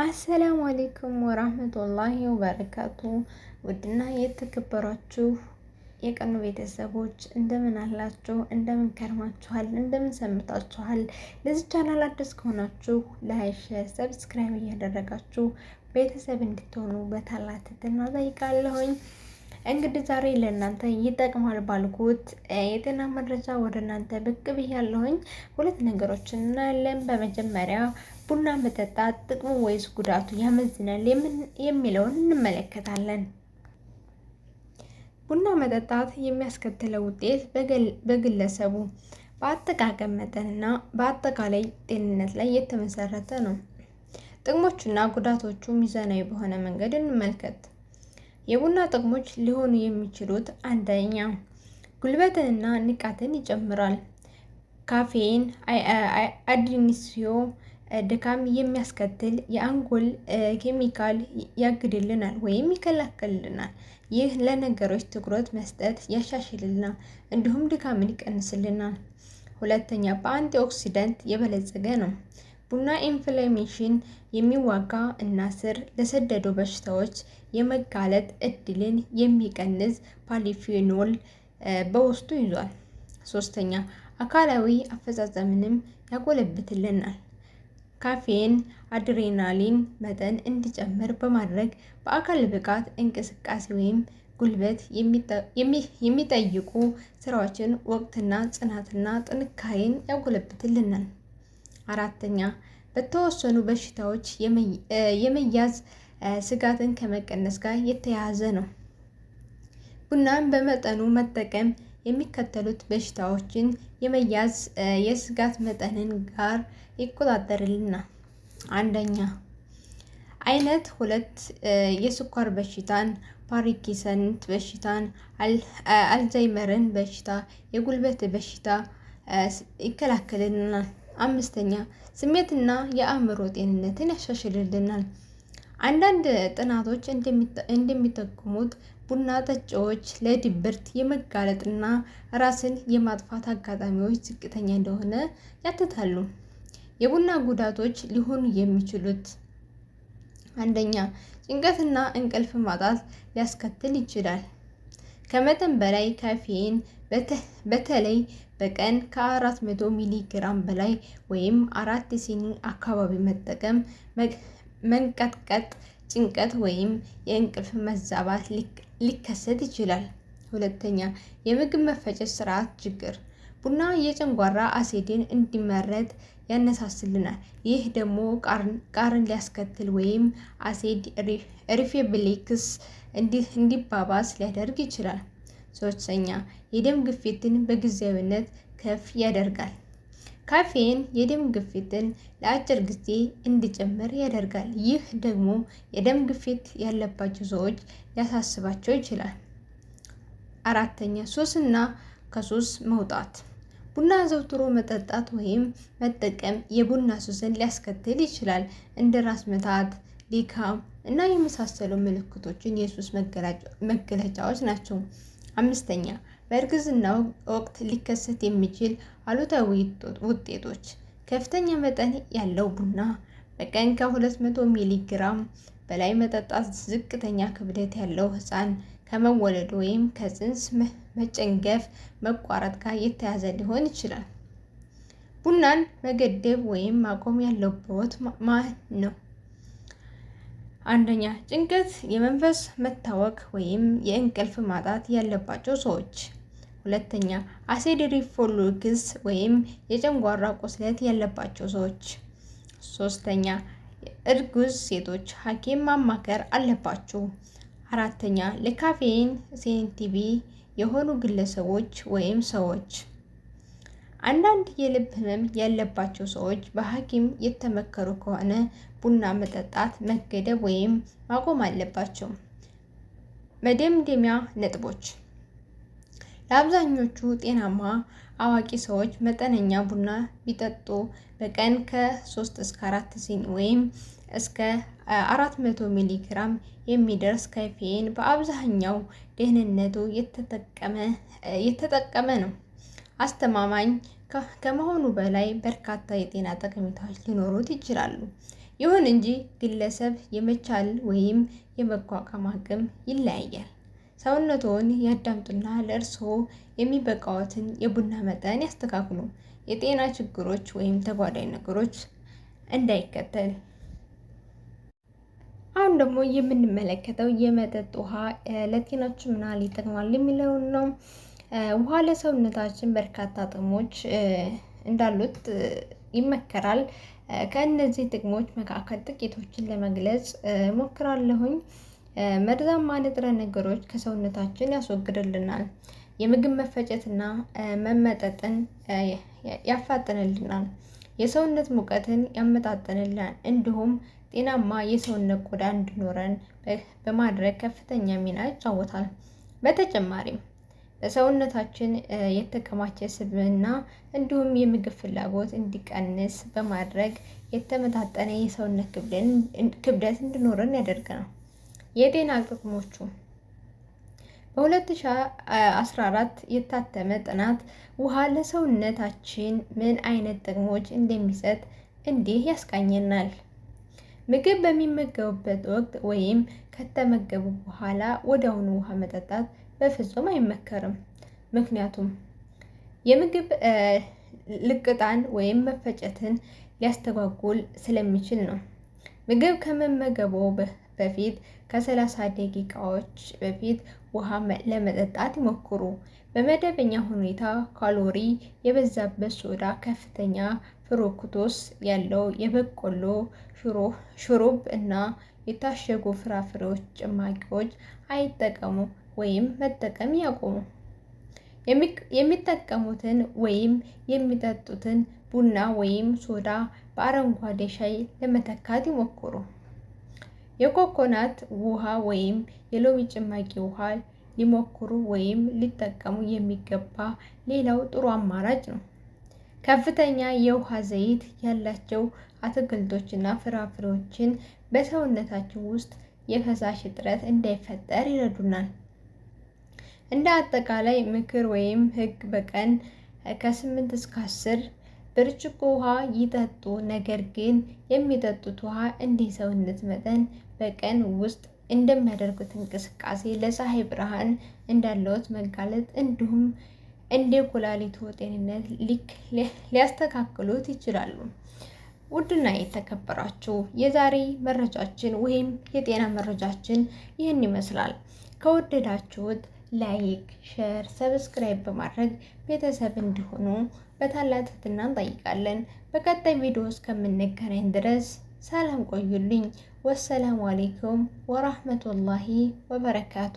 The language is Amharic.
አሰላሙ አሌይኩም ወራህመቱላሂ ወበረካቱ። ውድና የተከበሯችሁ የቀኑ ቤተሰቦች እንደምን አላችሁ? እንደምን ከርማችኋል? እንደምን ሰምታችኋል? ለዚህ ቻናል አዲስ ከሆናችሁ ላይክ፣ ሼር፣ ሰብስክራይብ እያደረጋችሁ ቤተሰብ እንድትሆኑ በታላቅ ትህትና ጠይቃለሁኝ። እንግዲህ ዛሬ ለእናንተ ይጠቅማል ባልኩት የጤና መረጃ ወደ እናንተ ብቅ ብያለሁኝ። ሁለት ነገሮችን እናያለን። በመጀመሪያ ቡና መጠጣት ጥቅሙ ወይስ ጉዳቱ ያመዝናል የሚለውን እንመለከታለን። ቡና መጠጣት የሚያስከትለው ውጤት በግለሰቡ በአጠቃቀም መጠንና በአጠቃላይ ጤንነት ላይ የተመሰረተ ነው። ጥቅሞቹና ጉዳቶቹ ሚዛናዊ በሆነ መንገድ እንመልከት። የቡና ጥቅሞች ሊሆኑ የሚችሉት አንደኛ፣ ጉልበትንና ንቃትን ይጨምራል። ካፌን አዲኒሲዮ ድካም የሚያስከትል የአንጎል ኬሚካል ያግድልናል ወይም ይከላከልልናል። ይህ ለነገሮች ትኩረት መስጠት ያሻሽልልናል፣ እንዲሁም ድካምን ይቀንስልናል። ሁለተኛ በአንቲ ኦክሲዳንት የበለጸገ ነው። ቡና ኢንፍላሜሽን የሚዋጋ እና ስር ለሰደዱ በሽታዎች የመጋለጥ እድልን የሚቀንስ ፓሊፊኖል በውስጡ ይዟል። ሶስተኛ አካላዊ አፈጻጸምንም ያጎለብትልናል። ካፌን አድሬናሊን መጠን እንዲጨምር በማድረግ በአካል ብቃት እንቅስቃሴ ወይም ጉልበት የሚጠይቁ ስራዎችን ወቅትና ጽናትና ጥንካሬን ያጎለብትልናል። አራተኛ በተወሰኑ በሽታዎች የመያዝ ስጋትን ከመቀነስ ጋር የተያያዘ ነው። ቡናን በመጠኑ መጠቀም የሚከተሉት በሽታዎችን የመያዝ የስጋት መጠንን ጋር ይቆጣጠርልናል። አንደኛ አይነት ሁለት የስኳር በሽታን፣ ፓርኪንሰንስ በሽታን፣ አልዛይመርን በሽታ፣ የጉልበት በሽታ ይከላከልልናል። አምስተኛ ስሜትና የአእምሮ ጤንነትን ያሻሽልልናል። አንዳንድ ጥናቶች እንደሚጠቁሙት ቡና ጠጪዎች ለድብርት የመጋለጥና ራስን የማጥፋት አጋጣሚዎች ዝቅተኛ እንደሆነ ያትታሉ። የቡና ጉዳቶች ሊሆኑ የሚችሉት አንደኛ ጭንቀትና እንቅልፍ ማጣት ሊያስከትል ይችላል። ከመጠን በላይ ካፌን በተለይ በቀን ከ400 ሚሊ ግራም በላይ ወይም አራት ሲኒ አካባቢ መጠቀም መንቀጥቀጥ ጭንቀት ወይም የእንቅልፍ መዛባት ሊከሰት ይችላል። ሁለተኛ የምግብ መፈጨት ስርዓት ችግር፣ ቡና የጨንጓራ አሴድን እንዲመረት ያነሳስልናል። ይህ ደግሞ ቃርን ሊያስከትል ወይም አሴድ ሪፌብሌክስ እንዲባባስ ሊያደርግ ይችላል። ሶስተኛ የደም ግፊትን በጊዜያዊነት ከፍ ያደርጋል። ካፌን የደም ግፊትን ለአጭር ጊዜ እንዲጨምር ያደርጋል። ይህ ደግሞ የደም ግፊት ያለባቸው ሰዎች ሊያሳስባቸው ይችላል። አራተኛ ሱስ እና ከሱስ መውጣት። ቡና ዘውትሮ መጠጣት ወይም መጠቀም የቡና ሱስን ሊያስከትል ይችላል። እንደ ራስ ምታት፣ ሊካም እና የመሳሰሉ ምልክቶችን የሱስ መገለጫዎች ናቸው። አምስተኛ በእርግዝናው ወቅት ሊከሰት የሚችል አሉታዊ ውጤቶች ከፍተኛ መጠን ያለው ቡና በቀን ከ200 ሚሊ ግራም በላይ መጠጣት፣ ዝቅተኛ ክብደት ያለው ህፃን ከመወለድ ወይም ከፅንስ መጨንገፍ መቋረጥ ጋር የተያዘ ሊሆን ይችላል። ቡናን መገደብ ወይም ማቆም ያለበት ማን ነው? አንደኛ ጭንቀት፣ የመንፈስ መታወክ ወይም የእንቅልፍ ማጣት ያለባቸው ሰዎች ሁለተኛ አሲድ ሪፎሉክስ ወይም የጨንጓራ ቁስለት ያለባቸው ሰዎች። ሶስተኛ እርጉዝ ሴቶች ሐኪም ማማከር አለባችሁ። አራተኛ ለካፌን ሴንቲቪ የሆኑ ግለሰቦች ወይም ሰዎች። አንዳንድ የልብ ህመም ያለባቸው ሰዎች በሐኪም የተመከሩ ከሆነ ቡና መጠጣት መገደብ ወይም ማቆም አለባቸው። መደምደሚያ ነጥቦች ለአብዛኞቹ ጤናማ አዋቂ ሰዎች መጠነኛ ቡና ቢጠጡ በቀን ከ3 እስከ 4 ሲኒ ወይም እስከ 400 ሚሊ ግራም የሚደርስ ካፌን በአብዛኛው ደህንነቱ የተጠቀመ ነው። አስተማማኝ ከመሆኑ በላይ በርካታ የጤና ጠቀሜታዎች ሊኖሩት ይችላሉ። ይሁን እንጂ ግለሰብ የመቻል ወይም የመቋቋም አቅም ይለያያል። ሰውነቶን ያዳምጡና ለእርስዎ የሚበቃዎትን የቡና መጠን ያስተካክሉ። የጤና ችግሮች ወይም ተጓዳኝ ነገሮች እንዳይከተል። አሁን ደግሞ የምንመለከተው የመጠጥ ውሃ ለጤናችን ምን ያህል ይጠቅማል የሚለውን ነው። ውሃ ለሰውነታችን በርካታ ጥቅሞች እንዳሉት ይመከራል። ከእነዚህ ጥቅሞች መካከል ጥቂቶችን ለመግለጽ ሞክራለሁኝ። መርዛማ ንጥረ ነገሮች ከሰውነታችን ያስወግድልናል። የምግብ መፈጨትና መመጠጥን ያፋጥንልናል። የሰውነት ሙቀትን ያመጣጥንልናል። እንዲሁም ጤናማ የሰውነት ቆዳ እንዲኖረን በማድረግ ከፍተኛ ሚና ይጫወታል። በተጨማሪም በሰውነታችን የተከማቸ ስብና እንዲሁም የምግብ ፍላጎት እንዲቀንስ በማድረግ የተመጣጠነ የሰውነት ክብደት እንዲኖረን ያደርገናል። የጤና ጥቅሞቹ በ2014 የታተመ ጥናት ውሃ ለሰውነታችን ምን አይነት ጥቅሞች እንደሚሰጥ እንዲህ ያስቃኘናል። ምግብ በሚመገቡበት ወቅት ወይም ከተመገቡ በኋላ ወዲያውኑ ውሃ መጠጣት በፍጹም አይመከርም። ምክንያቱም የምግብ ልቅጣን ወይም መፈጨትን ሊያስተጓጉል ስለሚችል ነው። ምግብ ከመመገበው በፊት ከ30 ደቂቃዎች በፊት ውሃ ለመጠጣት ይሞክሩ። በመደበኛ ሁኔታ ካሎሪ የበዛበት ሶዳ ከፍተኛ ፍሩክቶስ ያለው የበቆሎ ሹሩብ እና የታሸጉ ፍራፍሬዎች ጭማቂዎች አይጠቀሙ ወይም መጠቀም ያቆሙ። የሚጠቀሙትን ወይም የሚጠጡትን ቡና ወይም ሶዳ በአረንጓዴ ሻይ ለመተካት ይሞክሩ። የኮኮናት ውሃ ወይም የሎሚ ጭማቂ ውሃ ሊሞክሩ ወይም ሊጠቀሙ የሚገባ ሌላው ጥሩ አማራጭ ነው። ከፍተኛ የውሃ ዘይት ያላቸው አትክልቶችና ፍራፍሬዎችን በሰውነታችን ውስጥ የፈሳሽ እጥረት እንዳይፈጠር ይረዱናል። እንደ አጠቃላይ ምክር ወይም ህግ በቀን ከ8 እስከ 10 ብርጭቆ ውሃ ይጠጡ። ነገር ግን የሚጠጡት ውሃ እንደ ሰውነት መጠን በቀን ውስጥ እንደሚያደርጉት እንቅስቃሴ ለፀሐይ ብርሃን እንዳለዎት መጋለጥ እንዲሁም እንደ ኩላሊቱ ጤንነት ሊክ ሊያስተካክሉት ይችላሉ። ውድና የተከበራችሁ የዛሬ መረጃችን ወይም የጤና መረጃችን ይህን ይመስላል። ከወደዳችሁት ላይክ፣ ሸር፣ ሰብስክራይብ በማድረግ ቤተሰብ እንዲሆኑ በታላቅ ትህትና እንጠይቃለን። በቀጣይ ቪዲዮ እስከምንገናኝ ድረስ ሰላም ቆዩልኝ። ወሰላሙ አሌይኩም ወራህመቱላሂ ወበረካቱ